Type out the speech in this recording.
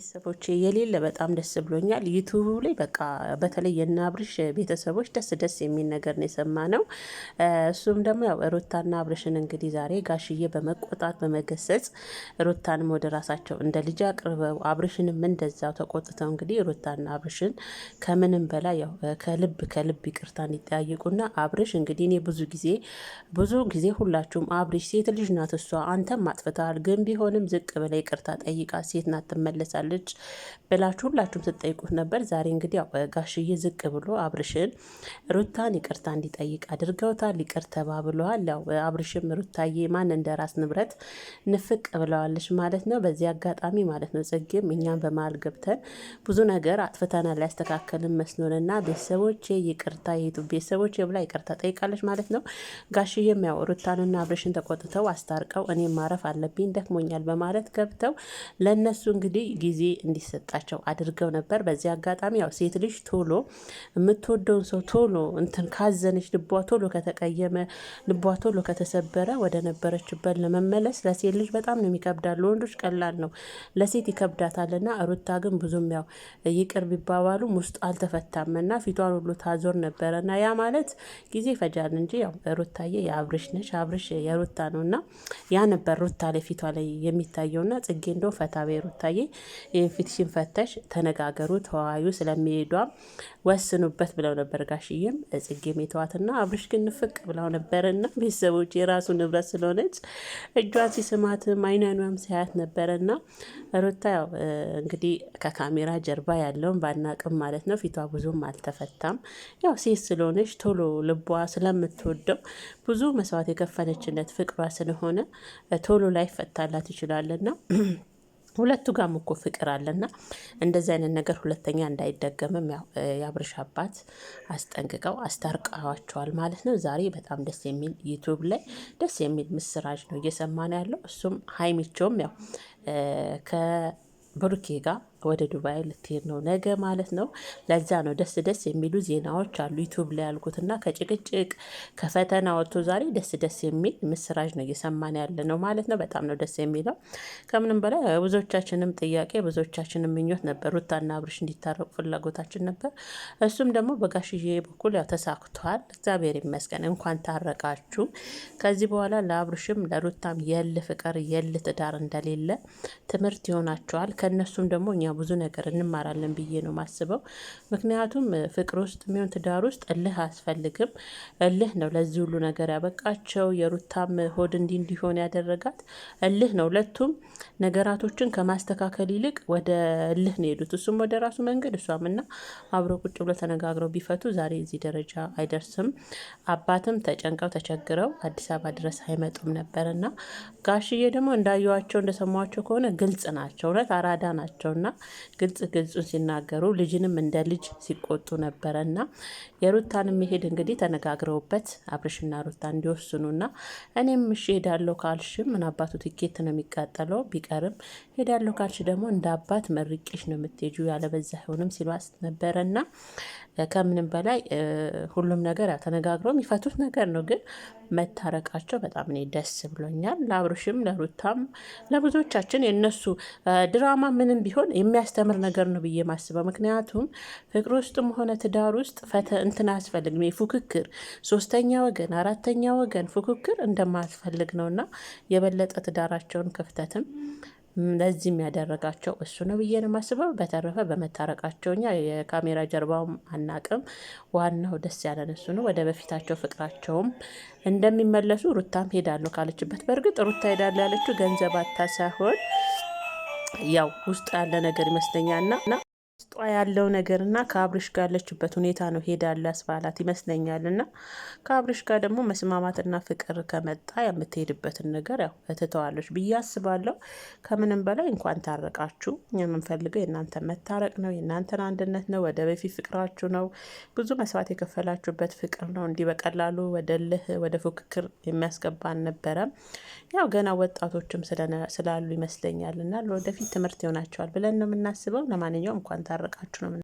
ቤተሰቦቼ የሌለ በጣም ደስ ብሎኛል ዩቲዩብ ላይ በቃ በተለይ የናብርሽ ቤተሰቦች ደስ ደስ የሚል ነገር ነው ነው። እሱም ደግሞ ያው ሩታና አብርሽን እንግዲህ ዛሬ ጋሽዬ በመቆጣት በመገሰጽ ሩታንም ወደ ራሳቸው እንደ ልጅ አቅርበው አብርሽንም እንደዛው ተቆጥተው እንግዲህ ሩታና አብርሽን ከምንም በላይ ያው ከልብ ከልብ ይቅርታ እንዲጠያይቁና አብርሽ እንግዲህ እኔ ብዙ ጊዜ ብዙ ጊዜ ሁላችሁም አብርሽ ሴት ልጅ ናት እሷ አንተም አጥፍተሃል፣ ግን ቢሆንም ዝቅ ብላ ይቅርታ ጠይቃ ሴት ናት ትመለሳለች ትመጣለች ብላችሁ ሁላችሁም ስትጠይቁት ነበር። ዛሬ እንግዲህ ያው ጋሽዬ ዝቅ ብሎ አብርሽን ሩታን ይቅርታ እንዲጠይቅ አድርገውታል። ይቅር ተባብለዋል። ያው አብርሽም ሩታዬ ማን እንደ ራስ ንብረት ንፍቅ ብለዋለች ማለት ነው። በዚህ አጋጣሚ ማለት ነው ጽጌም እኛም በመሀል ገብተን ብዙ ነገር አጥፍተናል ያስተካከልን መስሎንና ቤተሰቦቼ ይቅርታ የቱ ቤተሰቦቼ ብላ ይቅርታ ጠይቃለች ማለት ነው። ጋሽዬም ያው ሩታንና አብርሽን ተቆጥተው አስታርቀው እኔም ማረፍ አለብኝ ደክሞኛል በማለት ገብተው ለእነሱ እንግዲህ ጊዜ እንዲሰጣቸው አድርገው ነበር። በዚህ አጋጣሚ ያው ሴት ልጅ ቶሎ የምትወደውን ሰው ቶሎ እንትን ካዘነች፣ ልቧ ቶሎ ከተቀየመ፣ ልቧ ቶሎ ከተሰበረ ወደ ነበረችበት ለመመለስ ለሴት ልጅ በጣም ነው የሚከብዳል። ለወንዶች ቀላል ነው፣ ለሴት ይከብዳታል። ና ሩታ ግን ብዙም ያው ይቅር ቢባባሉም ውስጡ አልተፈታም እና ፊቷን ሁሉ ታዞር ነበረ እና ያ ማለት ጊዜ ይፈጃል እንጂ ያው ሩታዬ የአብርሽ ነች፣ አብርሽ የሩታ ነው እና ያ ነበር ሩታ ላይ ፊቷ ላይ ና ጽጌ እንደው ፈታ በሩታዬ የፊትሽን ፈተሽ ተነጋገሩ፣ ተወያዩ፣ ስለሚሄዷ ወስኑበት ብለው ነበር። ጋሽዬም ጽጌም የተዋትና አብርሽ ግን ንፍቅ ብለው ነበር። ነበረና ቤተሰቦች የራሱ ንብረት ስለሆነች እጇ ሲስማትም አይናኗም ሲያያት ነበረና ሩታ ያው እንግዲህ ከካሜራ ጀርባ ያለውን ባናቅም ማለት ነው ፊቷ ብዙም አልተፈታም። ያው ሴት ስለሆነች ቶሎ ልቧ ስለምትወደው ብዙ መስዋዕት የከፈለችለት ፍቅሯ ስለሆነ ቶሎ ላይ ፈታላት ይችላል ይችላልና ሁለቱ ጋም እኮ ፍቅር አለና እንደዚህ አይነት ነገር ሁለተኛ እንዳይደገምም የአብርሽ አባት አስጠንቅቀው አስታርቀዋቸዋል ማለት ነው። ዛሬ በጣም ደስ የሚል ዩቱብ ላይ ደስ የሚል ምስራች ነው እየሰማ ነው ያለው። እሱም ሀይሚቸውም ያው ከብሩኬ ጋር ወደ ዱባይ ልትሄድ ነው ነገ ማለት ነው። ለዛ ነው ደስ ደስ የሚሉ ዜናዎች አሉ ዩቱብ ላይ ያልኩትና ከጭቅጭቅ ከፈተና ወጥቶ ዛሬ ደስ ደስ የሚል ምስራች ነው እየሰማን ያለ ነው ማለት ነው። በጣም ነው ደስ የሚለው። ከምንም በላይ ብዙዎቻችንም ጥያቄ ብዙዎቻችንም ምኞት ነበር፣ ሩታና አብርሽ እንዲታረቁ ፍላጎታችን ነበር። እሱም ደግሞ በጋሽዬ በኩል ያው ተሳክቷል። እግዚአብሔር ይመስገን፣ እንኳን ታረቃችሁ። ከዚህ በኋላ ለአብርሽም ለሩታም የል ፍቅር የል ትዳር እንደሌለ ትምህርት ይሆናቸዋል። ከእነሱም ደግሞ እኛ ነው ብዙ ነገር እንማራለን ብዬ ነው ማስበው። ምክንያቱም ፍቅር ውስጥ የሚሆን ትዳር ውስጥ እልህ አያስፈልግም። እልህ ነው ለዚህ ሁሉ ነገር ያበቃቸው። የሩታም ሆድ እንዲህ እንዲሆን ያደረጋት እልህ ነው። ሁለቱም ነገራቶችን ከማስተካከል ይልቅ ወደ እልህ ነው የሄዱት። እሱም ወደ ራሱ መንገድ፣ እሷም እና አብረው ቁጭ ብሎ ተነጋግረው ቢፈቱ ዛሬ እዚህ ደረጃ አይደርስም። አባትም ተጨንቀው ተቸግረው አዲስ አበባ ድረስ አይመጡም ነበር እና ጋሽዬ ደግሞ እንዳየዋቸው እንደሰማቸው ከሆነ ግልጽ ናቸው። እውነት አራዳ ናቸው እና ግልጽ ግልጹን ሲናገሩ ልጅንም እንደ ልጅ ሲቆጡ ነበረ እና የሩታን መሄድ እንግዲህ ተነጋግረውበት አብርሽና ሩታ እንዲወስኑና እኔም እሺ ሄዳለሁ ካልሽም ምን አባቱ ትኬት ነው የሚቃጠለው ቢቀርም ሄዳለሁ ካልሽ ደግሞ እንደ አባት መርቄሽ ነው የምትሄጁ ያለበዛ ሆንም ሲሉ ነበረ ና ከምንም በላይ ሁሉም ነገር ተነጋግረው የሚፈቱት ነገር ነው። ግን መታረቃቸው በጣም እኔ ደስ ብሎኛል። ለአብርሽም ለሩታም ለብዙዎቻችን የእነሱ ድራማ ምንም ቢሆን የሚያስተምር ነገር ነው ብዬ ማስበው። ምክንያቱም ፍቅር ውስጥም ሆነ ትዳር ውስጥ ፈተ እንትን አያስፈልግም ፉክክር፣ ሶስተኛ ወገን አራተኛ ወገን ፉክክር እንደማያስፈልግ ነው እና የበለጠ ትዳራቸውን ክፍተትም ለዚህም ያደረጋቸው እሱ ነው ብዬ ነው ማስበው። በተረፈ በመታረቃቸው እኛ የካሜራ ጀርባውም አናቅም። ዋናው ደስ ያለን እሱ ነው። ወደ በፊታቸው ፍቅራቸውም እንደሚመለሱ ሩታም ሄዳለሁ ካለችበት፣ በእርግጥ ሩታ ሄዳለሁ ያለችው ገንዘብ አታ ሳይሆን ያው ውስጥ ያለ ነገር ይመስለኛልና እና ውስጧ ያለው ነገር እና ከአብርሽ ጋር ያለችበት ሁኔታ ነው ሄዳለ ያስባላት ይመስለኛል። እና ከአብርሽ ጋር ደግሞ መስማማትና ፍቅር ከመጣ የምትሄድበትን ነገር ያው እትተዋለች ብዬ አስባለሁ። ከምንም በላይ እንኳን ታረቃችሁ። እኛ የምንፈልገው የእናንተ መታረቅ ነው፣ የእናንተን አንድነት ነው፣ ወደ በፊት ፍቅራችሁ ነው። ብዙ መስዋዕት የከፈላችሁበት ፍቅር ነው። እንዲህ በቀላሉ ወደ ልህ ወደ ፉክክር የሚያስገባ አልነበረም። ያው ገና ወጣቶችም ስላሉ ይመስለኛል እና ለወደፊት ትምህርት ይሆናቸዋል ብለን ነው የምናስበው። ለማንኛውም እንኳን ታረ እያስታረቃችሁ ነው